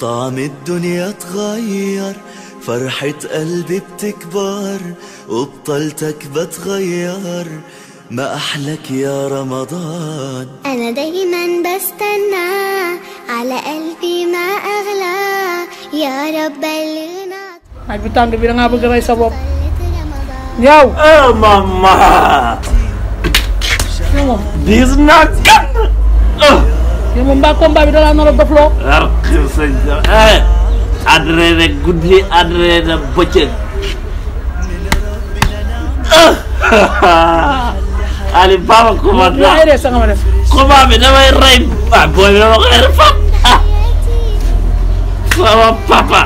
طعم الدنيا اتغير فرحة قلبي بتكبر وبطلتك بتغير ما أحلك يا رمضان أنا دايما بستنى على قلبي ما أغلى يا رب بلغنا Ay, bitang gabi na nga mag-aray sa wop. Yaw! Oh, mama! This is not good! Ugh. yow moom mbaa combat bi dalaa nar a dofloo. waaw ah, xëy sa eh. adrena guddi adrena bëccëg. Ah, Ali Baba combat bi. waaw sa nga ma def. combat bi damay rey. waaw ah, booy bi ko rey fap ah. sama papa.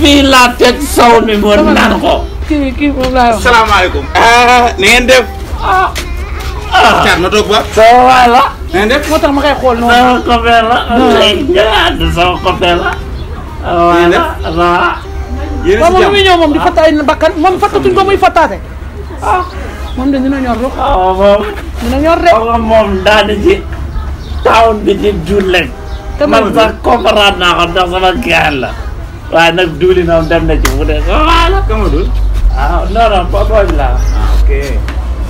fii laa teg saw mi moo naan ko. kii kii moom laa wax. Eh, la. mais def moo tax ma koy xool noonu. sama copain la. waaw sama copain la. voilà waaw. yéen a moom mi ñëw moom di fatt ay bakkan moom fattatuñ ko muy fattaate. ah moom de dina ñor rek. waaw ah, moom. dina ñor rek. waaw ah, moom daal di ci taawun bi ci jur leen. te man sax comprendre naa ko ndax sama gerte la. waaye nag duuli noonu dem na ci bu dee. voilà. ah non non boobu la. Ah, ok.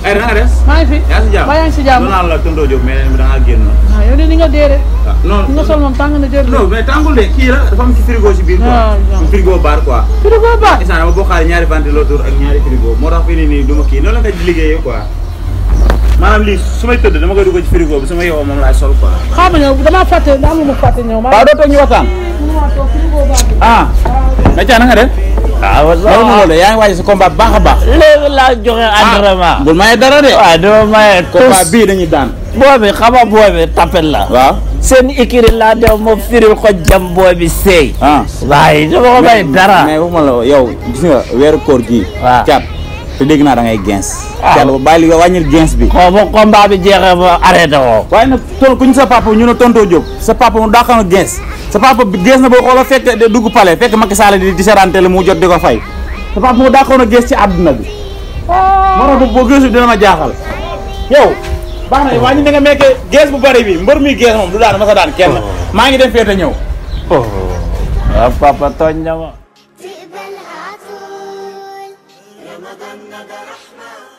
ay eh, da nga des. maa ngi fi yaa ngi si jàmm maa ngi si jàmm doon naan la tonton Diop mais da ngaa génn. waaw ah, yow ni nga dee de. Ah, nga sol moom tàng na jër. non mais tàngul de kii la dafa frigo si biir. Ah, frigo bar quoi. frigo bar instant dama bokkaale ñaari ventilateur ak ñaari frigo moo tax fi ni nii du ma kii noonu la nga liggéeyee quoi. maanaam lii su may tëdd dama koy dugg ci frigo ma yeewoo moom laay sol quoi. xam nga ñoom damaa fàtte daa am lu ma fàtte ñoom. waaw doo toog ñu waxtaan. ah. na nga ah wallaahi loolu yaa waaj sa combat baax a baax. léegi laa joxe ah, entraînement. bul maye dara de. waaw ah, dama maye tous combat bii dañuy daan. boobi xam boobi tapet la. waaw seen ikiri laa dem ma firil ko jam boobi seey. ah waaye may dara. mais waxuma la yow gis nga koor gii. waaw te dégg naa da ngay gens. waaw ah. bàyyi li gens bi. xaw ma combat bi jeexee ba a woo. waaye nag ku ñu sa papa ñu ne tontoo Diop sa papa mu dàqoon gens sa papa gens na boo xoola fekk dugg pale fekk Macky Sall di di serante la mu jot di ko fay sa papa mu dàqoon ak gens ci àdduna bi. waaw ah. boo boo gëstu dina ma jaaxal. yow baax na da nga mekkee gens bu bari bi mbër mi gens moom du daan ma sa daan kenn. Oh. maa ngi dem fee te ñëw. waaw oh. ah, رمضان نجا رحمه